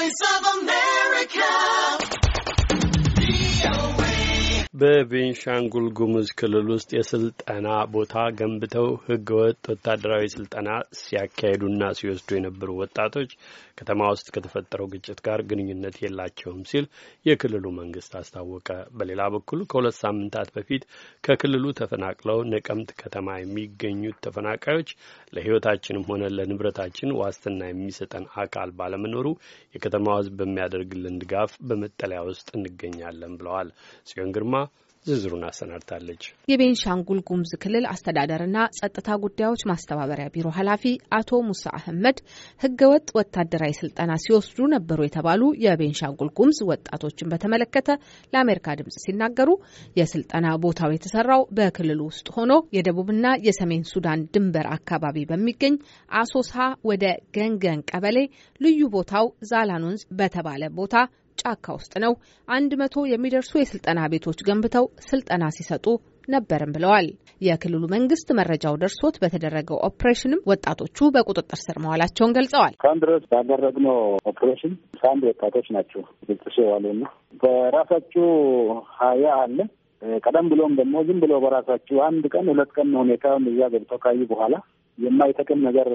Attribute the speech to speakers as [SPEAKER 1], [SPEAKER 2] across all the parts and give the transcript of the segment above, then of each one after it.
[SPEAKER 1] voice of
[SPEAKER 2] በቤንሻንጉል ጉሙዝ ክልል ውስጥ የስልጠና ቦታ ገንብተው ህገወጥ ወታደራዊ ስልጠና ሲያካሄዱና ሲወስዱ የነበሩ ወጣቶች ከተማ ውስጥ ከተፈጠረው ግጭት ጋር ግንኙነት የላቸውም ሲል የክልሉ መንግስት አስታወቀ። በሌላ በኩል ከሁለት ሳምንታት በፊት ከክልሉ ተፈናቅለው ነቀምት ከተማ የሚገኙት ተፈናቃዮች ለህይወታችንም ሆነ ለንብረታችን ዋስትና የሚሰጠን አካል ባለመኖሩ የከተማ ህዝብ በሚያደርግልን ድጋፍ በመጠለያ ውስጥ እንገኛለን ብለዋል። ጽዮን ግርማ ዝርዝሩን አሰናድታለች።
[SPEAKER 1] የቤንሻንጉል ጉሙዝ ክልል አስተዳደርና ጸጥታ ጉዳዮች ማስተባበሪያ ቢሮ ኃላፊ አቶ ሙሳ አህመድ ህገወጥ ወታደራዊ ስልጠና ሲወስዱ ነበሩ የተባሉ የቤንሻንጉል ጉሙዝ ወጣቶችን በተመለከተ ለአሜሪካ ድምጽ ሲናገሩ የስልጠና ቦታው የተሰራው በክልሉ ውስጥ ሆኖ የደቡብና የሰሜን ሱዳን ድንበር አካባቢ በሚገኝ አሶሳ ወደ ገንገን ቀበሌ ልዩ ቦታው ዛላን ወንዝ በተባለ ቦታ ጫካ ውስጥ ነው አንድ መቶ የሚደርሱ የስልጠና ቤቶች ገንብተው ስልጠና ሲሰጡ ነበርም ብለዋል። የክልሉ መንግስት መረጃው ደርሶት በተደረገው ኦፕሬሽንም ወጣቶቹ በቁጥጥር ስር መዋላቸውን ገልጸዋል።
[SPEAKER 3] እስካሁን ድረስ ባደረግነው ኦፕሬሽን ከአንድ ወጣቶች ናቸው ግልጽ ዋሉና በራሳችሁ ሀያ አለ ቀደም ብሎም ደግሞ ዝም ብሎ በራሳችሁ አንድ ቀን ሁለት ቀን ሁኔታውን እዛ ገብተው ካዩ በኋላ የማይጠቅም ነገር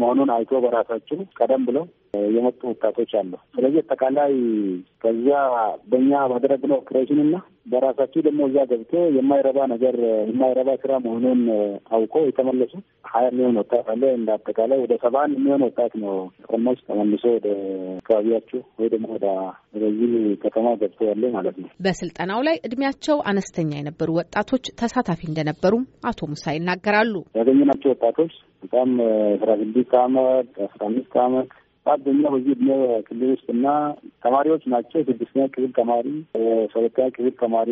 [SPEAKER 3] መሆኑን አይቶ በራሳችን ቀደም ብለው የመጡ ወጣቶች አሉ። ስለዚህ አጠቃላይ ከዚያ በእኛ ባደረግነው ኦፕሬሽን እና በራሳቸው ደግሞ እዛ ገብቶ የማይረባ ነገር የማይረባ ስራ መሆኑን አውቆ የተመለሱ ሀያ የሚሆን ወጣት አለ። እንዳጠቃላይ ወደ ሰባ አንድ የሚሆን ወጣት ነው ቀሞች ተመልሶ ወደ አካባቢያቸው ወይ ደግሞ ወደ በዚህ ከተማ ገብቶ ያለ ማለት ነው።
[SPEAKER 1] በስልጠናው ላይ እድሜያቸው አነስተኛ የነበሩ ወጣቶች ተሳታፊ እንደነበሩም አቶ ሙሳ ይናገራሉ። ያገኘናቸው
[SPEAKER 3] ወጣቶች በጣም አስራ ስድስት አመት አስራ አምስት አመት በአብዛኛው በዚህ እድሜ ክልል ውስጥ እና ተማሪዎች ናቸው። ስድስተኛ ክፍል ተማሪ፣ ሰባተኛ ክፍል ተማሪ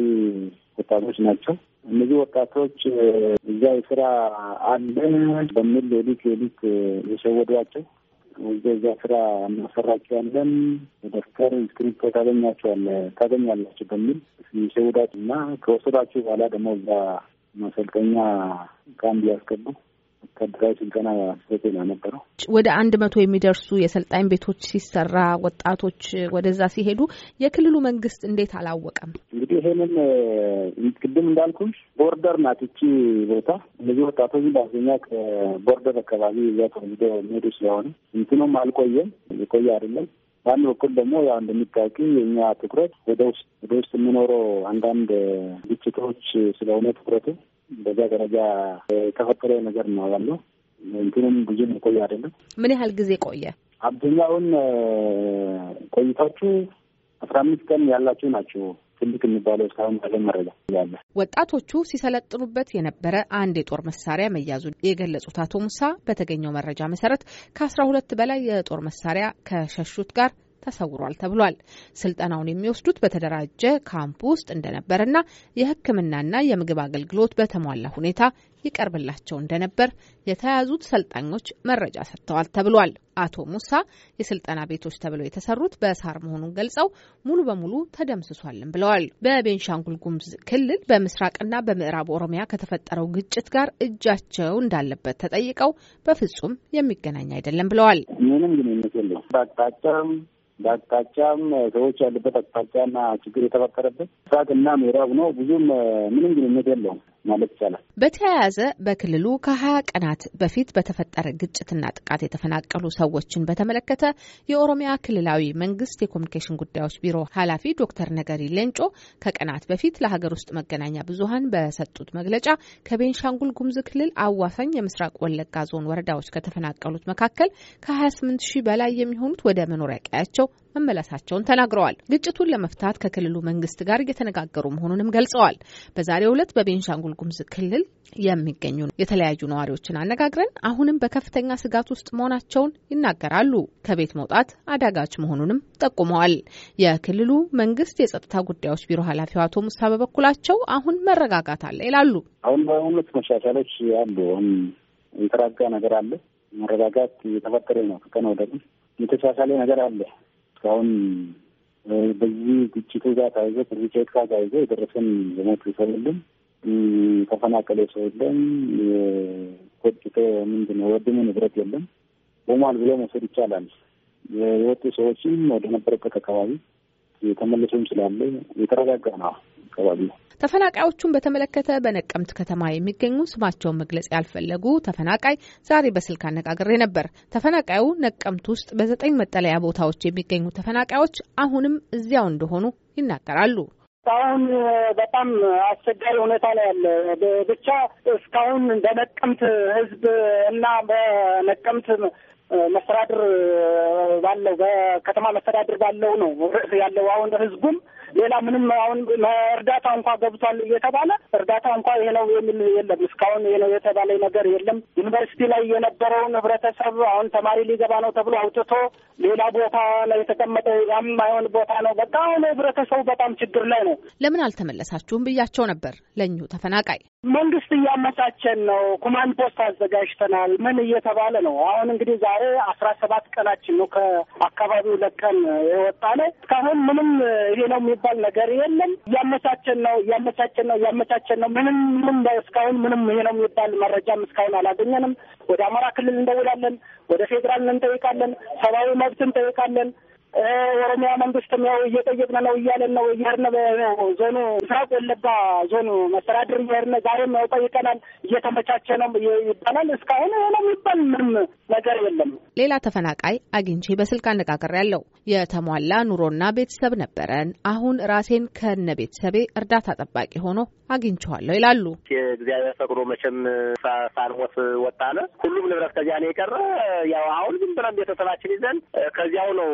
[SPEAKER 3] ወጣቶች ናቸው። እነዚህ ወጣቶች እዛ የስራ አለ በሚል ሌሊት ሌሊት የሸወዷቸው ወደ እዛ ስራ እናሰራቸዋለን፣ ደፍተር እስክሪፕቶ ታገኛቸዋለ ታገኛላቸው በሚል የሸወዷት እና ከወሰዷቸው በኋላ ደግሞ እዛ ማሰልጠኛ ካምፕ ያስገቡ ከብሔራዊ ስልጠና ስህተቴ ነው ነበረው።
[SPEAKER 1] ወደ አንድ መቶ የሚደርሱ የሰልጣኝ ቤቶች ሲሰራ ወጣቶች ወደዛ ሲሄዱ የክልሉ መንግስት እንዴት አላወቀም?
[SPEAKER 3] እንግዲህ ይሄንን ቅድም እንዳልኩሽ ቦርደር ናት ይቺ ቦታ። እነዚህ ወጣቶች በአብዛኛ ከቦርደር አካባቢ እዛ ተወስዶ ሜዱ ስለሆነ እንትኖም አልቆየም የቆየ አይደለም። በአንድ በኩል ደግሞ ያው እንደሚታወቂ የኛ ትኩረት ወደ ውስጥ ወደ ውስጥ የሚኖረው አንዳንድ ግጭቶች ስለሆነ ትኩረቱ በዛ ደረጃ የተፈጠረ ነገር ነው ያለው። እንትንም ብዙ የቆየ አይደለም።
[SPEAKER 1] ምን ያህል ጊዜ ቆየ?
[SPEAKER 3] አብዛኛውን ቆይታቹ አስራ አምስት ቀን ያላችሁ ናቸው። ትልቅ የሚባለው እስካሁን ባለ መረጃ ያለ
[SPEAKER 1] ወጣቶቹ ሲሰለጥኑበት የነበረ አንድ የጦር መሳሪያ መያዙን የገለጹት አቶ ሙሳ በተገኘው መረጃ መሰረት ከአስራ ሁለት በላይ የጦር መሳሪያ ከሸሹት ጋር ተሰውሯል ተብሏል። ስልጠናውን የሚወስዱት በተደራጀ ካምፕ ውስጥ እንደነበርና የሕክምናና የምግብ አገልግሎት በተሟላ ሁኔታ ይቀርብላቸው እንደነበር የተያዙት ሰልጣኞች መረጃ ሰጥተዋል ተብሏል። አቶ ሙሳ የስልጠና ቤቶች ተብለው የተሰሩት በሳር መሆኑን ገልጸው ሙሉ በሙሉ ተደምስሷልን ብለዋል። በቤንሻንጉል ጉምዝ ክልል በምስራቅና በምዕራብ ኦሮሚያ ከተፈጠረው ግጭት ጋር እጃቸው እንዳለበት ተጠይቀው በፍጹም የሚገናኝ አይደለም ብለዋል።
[SPEAKER 3] ምንም ግንኙነት የለውም። በአቅጣጫም በአቅጣጫም ሰዎች ያሉበት አቅጣጫና ችግር የተፈጠረበት ምስራቅና ምዕራብ ነው። ብዙም ምንም ግንኙነት የለውም። ማለት ይቻላል።
[SPEAKER 1] በተያያዘ በክልሉ ከሀያ ቀናት በፊት በተፈጠረ ግጭትና ጥቃት የተፈናቀሉ ሰዎችን በተመለከተ የኦሮሚያ ክልላዊ መንግስት የኮሚኒኬሽን ጉዳዮች ቢሮ ኃላፊ ዶክተር ነገሪ ሌንጮ ከቀናት በፊት ለሀገር ውስጥ መገናኛ ብዙሀን በሰጡት መግለጫ ከቤንሻንጉል ጉሙዝ ክልል አዋሳኝ የምስራቅ ወለጋ ዞን ወረዳዎች ከተፈናቀሉት መካከል ከ28 ሺህ በላይ የሚሆኑት ወደ መኖሪያ ቀያቸው መመለሳቸውን ተናግረዋል። ግጭቱን ለመፍታት ከክልሉ መንግስት ጋር እየተነጋገሩ መሆኑንም ገልጸዋል። በዛሬው ዕለት በቤንሻንጉል ጉምዝ ክልል የሚገኙ የተለያዩ ነዋሪዎችን አነጋግረን አሁንም በከፍተኛ ስጋት ውስጥ መሆናቸውን ይናገራሉ። ከቤት መውጣት አዳጋች መሆኑንም ጠቁመዋል። የክልሉ መንግስት የጸጥታ ጉዳዮች ቢሮ ኃላፊው አቶ ሙሳ በበኩላቸው አሁን መረጋጋት አለ ይላሉ።
[SPEAKER 3] አሁን በሁለት መሻሻሎች አሉ። አሁን ነገር አለ። መረጋጋት እየተፈጠረ ነው። ከቀን ወደ ቀን የተሻሻለ ነገር አለ። እስካሁን በዚህ ግጭቱ ጋር ተያይዞ ከግጭት ጋር ተያይዞ የደረሰን የሞት ሰው የለም፣ ተፈናቀለ ሰው የለም፣ የቆጭተ ምንድን ነው ወድሙ ንብረት የለም። ቦሟል ብሎ መውሰድ ይቻላል። የወጡ ሰዎችም ወደ ነበረበት አካባቢ የተመለሱም ስላለ የተረጋጋ ነው። አካባቢ
[SPEAKER 1] ነው። ተፈናቃዮቹን በተመለከተ በነቀምት ከተማ የሚገኙ ስማቸውን መግለጽ ያልፈለጉ ተፈናቃይ ዛሬ በስልክ አነጋግሬ ነበር። ተፈናቃዩ ነቀምት ውስጥ በዘጠኝ መጠለያ ቦታዎች የሚገኙ ተፈናቃዮች አሁንም እዚያው እንደሆኑ ይናገራሉ።
[SPEAKER 4] እስካሁን በጣም አስቸጋሪ ሁኔታ ነው ያለ ብቻ እስካሁን በነቀምት ህዝብ እና በነቀምት መስተዳድር ባለው በከተማ መስተዳድር ባለው ነው ያለው አሁን ህዝቡም ሌላ ምንም አሁን እርዳታ እንኳ ገብቷል እየተባለ እርዳታ እንኳ ይሄ ነው የሚል የለም። እስካሁን ይሄ ነው የተባለ ነገር የለም። ዩኒቨርሲቲ ላይ የነበረውን ህብረተሰብ አሁን ተማሪ ሊገባ ነው ተብሎ አውጥቶ ሌላ ቦታ
[SPEAKER 1] ላይ የተቀመጠ ያም አይሆን ቦታ ነው። በጣም ህብረተሰቡ በጣም ችግር ላይ ነው። ለምን አልተመለሳችሁም ብያቸው ነበር ለእኚሁ ተፈናቃይ። መንግስት እያመቻቸን ነው፣ ኮማንድ ፖስት
[SPEAKER 4] አዘጋጅተናል፣ ምን እየተባለ ነው። አሁን እንግዲህ ዛሬ አስራ ሰባት ቀናችን ነው ከአካባቢው ለቀን የወጣ ነው። እስካሁን ምንም ይሄ ነው የሚባል ነገር የለም። እያመቻቸን ነው እያመቻቸን ነው እያመቻቸን ነው። ምንም ምንም እስካሁን ምንም ይሄ ነው የሚባል መረጃም እስካሁን አላገኘንም። ወደ አማራ ክልል እንደውላለን፣ ወደ ፌዴራል እንጠይቃለን፣ ሰብአዊ መብት እንጠይቃለን። ኦሮሚያ መንግስትም ያው እየጠየቅን ነው እያለን ነው እያርነ ዞኑ ምስራቅ ወለጋ ዞኑ መስተዳድር እያርነ ዛሬም ያው ጠይቀናል። እየተመቻቸ ነው ይባላል። እስካሁን ሆነ የሚባል ምንም ነገር የለም።
[SPEAKER 1] ሌላ ተፈናቃይ አግኝቼ በስልክ ያለው የተሟላ ኑሮና ቤተሰብ ነበረን። አሁን ራሴን ከነ ቤተሰቤ እርዳታ ጠባቂ ሆኖ አግኝቸዋለሁ ይላሉ።
[SPEAKER 2] የእግዚአብሔር ፈቅዶ መቼም ሳንሞት ወጣነ። ሁሉም ንብረት ከዚያ ነው የቀረ። ያው አሁን ግን ብለን ቤተሰባችን ይዘን ከዚያው ነው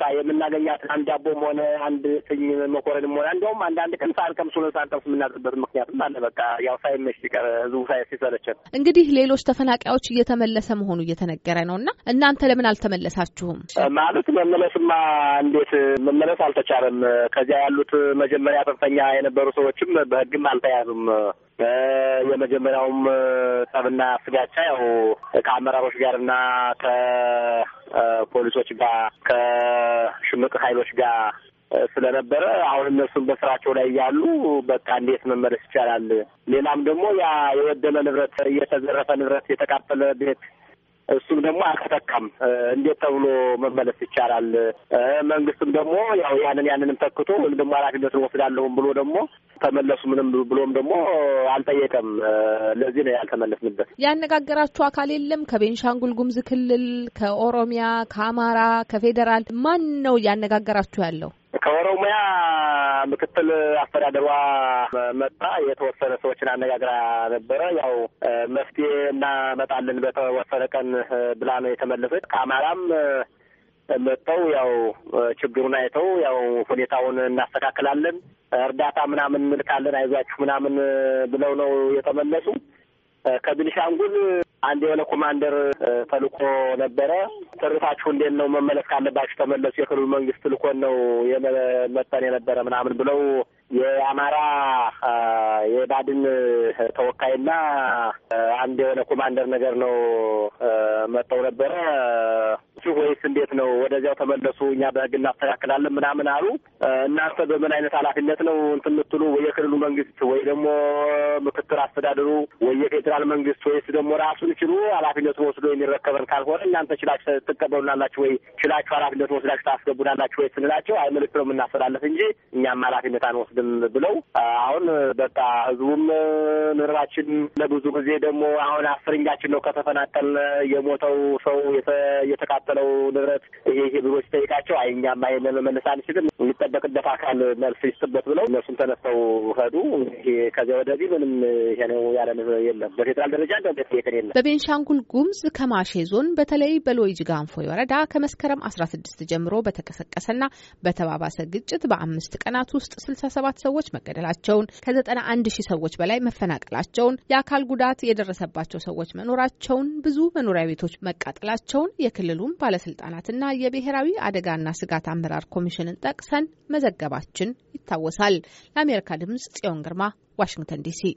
[SPEAKER 2] በቀጥታ የምናገኛትን አንድ ዳቦም ሆነ አንድ ስኝ መኮረንም ሆነ እንደውም አንዳንድ ቀን ሳንቀምስ ሁለት ሳንቀምስ የምናድርበት ምክንያትም አለ። በቃ ያው ሳይመሽ ሲቀር ህዝቡ ሳይ ሲሰለችን።
[SPEAKER 1] እንግዲህ ሌሎች ተፈናቃዮች እየተመለሰ መሆኑ እየተነገረ ነው እና እናንተ ለምን አልተመለሳችሁም?
[SPEAKER 2] ማለት መመለስማ እንዴት መመለስ አልተቻለም። ከዚያ ያሉት መጀመሪያ ጽንፈኛ የነበሩ ሰዎችም በህግም አልተያዙም። የመጀመሪያውም ጠብና ስጋቻ ያው ከአመራሮች ጋር እና ከፖሊሶች ጋር ከሽምቅ ኃይሎች ጋር ስለነበረ አሁን እነሱን በስራቸው ላይ እያሉ በቃ እንዴት መመለስ ይቻላል? ሌላም ደግሞ ያ የወደመ ንብረት፣ የተዘረፈ ንብረት፣ የተቃጠለ ቤት እሱም ደግሞ አልተተካም። እንዴት ተብሎ መመለስ ይቻላል? መንግስትም ደግሞ ያው ያንን ያንንም ተክቶ ወይም ደግሞ ኃላፊነትን ወስዳለሁም ብሎ ደግሞ ተመለሱ ምንም ብሎም ደግሞ አልጠየቀም። ለዚህ ነው ያልተመለስንበት።
[SPEAKER 1] ያነጋገራችሁ አካል የለም? ከቤንሻንጉል ጉሙዝ ክልል፣ ከኦሮሚያ፣ ከአማራ፣ ከፌዴራል ማን ነው ያነጋገራችሁ ያለው?
[SPEAKER 2] ከኦሮሚያ ምክትል አስተዳደሯ መጣ። የተወሰነ ሰዎችን አነጋግራ ነበረ። ያው መፍትሄ እናመጣለን በተወሰነ ቀን ብላ ነው የተመለሰች። ከአማራም መጥተው ያው ችግሩን አይተው ያው ሁኔታውን እናስተካክላለን፣ እርዳታ ምናምን እንልካለን፣ አይዟችሁ ምናምን ብለው ነው የተመለሱ። ከቤኒሻንጉል አንድ የሆነ ኮማንደር ተልኮ ነበረ። ትርታችሁ እንዴት ነው? መመለስ ካለባችሁ ተመለሱ፣ የክልሉ መንግስት ልኮን ነው መጠን የነበረ ምናምን ብለው የአማራ የባድን ተወካይና አንድ የሆነ ኮማንደር ነገር ነው መጠው ነበረ ናችሁ ወይስ እንዴት ነው? ወደዚያው ተመለሱ፣ እኛ በህግ እናስተካክላለን ምናምን አሉ። እናንተ በምን አይነት ኃላፊነት ነው እንትን የምትሉ ወይ የክልሉ መንግስት ወይ ደግሞ ምክትል አስተዳደሩ ወይ የፌዴራል መንግስት ወይስ ደግሞ ራሱን ችሉ ኃላፊነቱን ወስዶ የሚረከበን ካልሆነ እናንተ ችላችሁ ትቀበሉናላችሁ ወይ ችላችሁ ኃላፊነቱን ወስዳችሁ ታስገቡናላችሁ ወይ ስንላቸው አይ ምልክት ነው የምናስተላለፍ እንጂ እኛም ኃላፊነት አንወስድም ብለው አሁን በቃ ህዝቡም ንርባችን ለብዙ ጊዜ ደግሞ አሁን አስረኛችን ነው ከተፈናቀል የሞተው ሰው የተቃጠለ የተከፈለው ንብረት ይሄ ይሄ ብሎ ሲጠይቃቸው አይ እኛማ ይሄንን መመለስ አንችልም የሚጠበቅበት አካል መልስ ይስጥበት ብለው እነሱም ተነስተው ሄዱ። ከዚያ ወደዚህ ምንም ይሄ ነው ያለን የለም። በፌዴራል ደረጃ እንደ ጠየቅን የለም።
[SPEAKER 1] በቤንሻንጉል ጉምዝ ከማሼ ዞን በተለይ በሎይ ጅጋንፎይ ወረዳ ከመስከረም አስራ ስድስት ጀምሮ በተቀሰቀሰና በተባባሰ ግጭት በአምስት ቀናት ውስጥ ስልሳ ሰባት ሰዎች መገደላቸውን ከዘጠና አንድ ሺህ ሰዎች በላይ መፈናቀላቸውን የአካል ጉዳት የደረሰባቸው ሰዎች መኖራቸውን ብዙ መኖሪያ ቤቶች መቃጠላቸውን የክልሉም ባለስልጣናትና የብሔራዊ አደጋና ስጋት አመራር ኮሚሽንን ጠቅሰን መዘገባችን ይታወሳል። ለአሜሪካ ድምጽ ጽዮን ግርማ ዋሽንግተን ዲሲ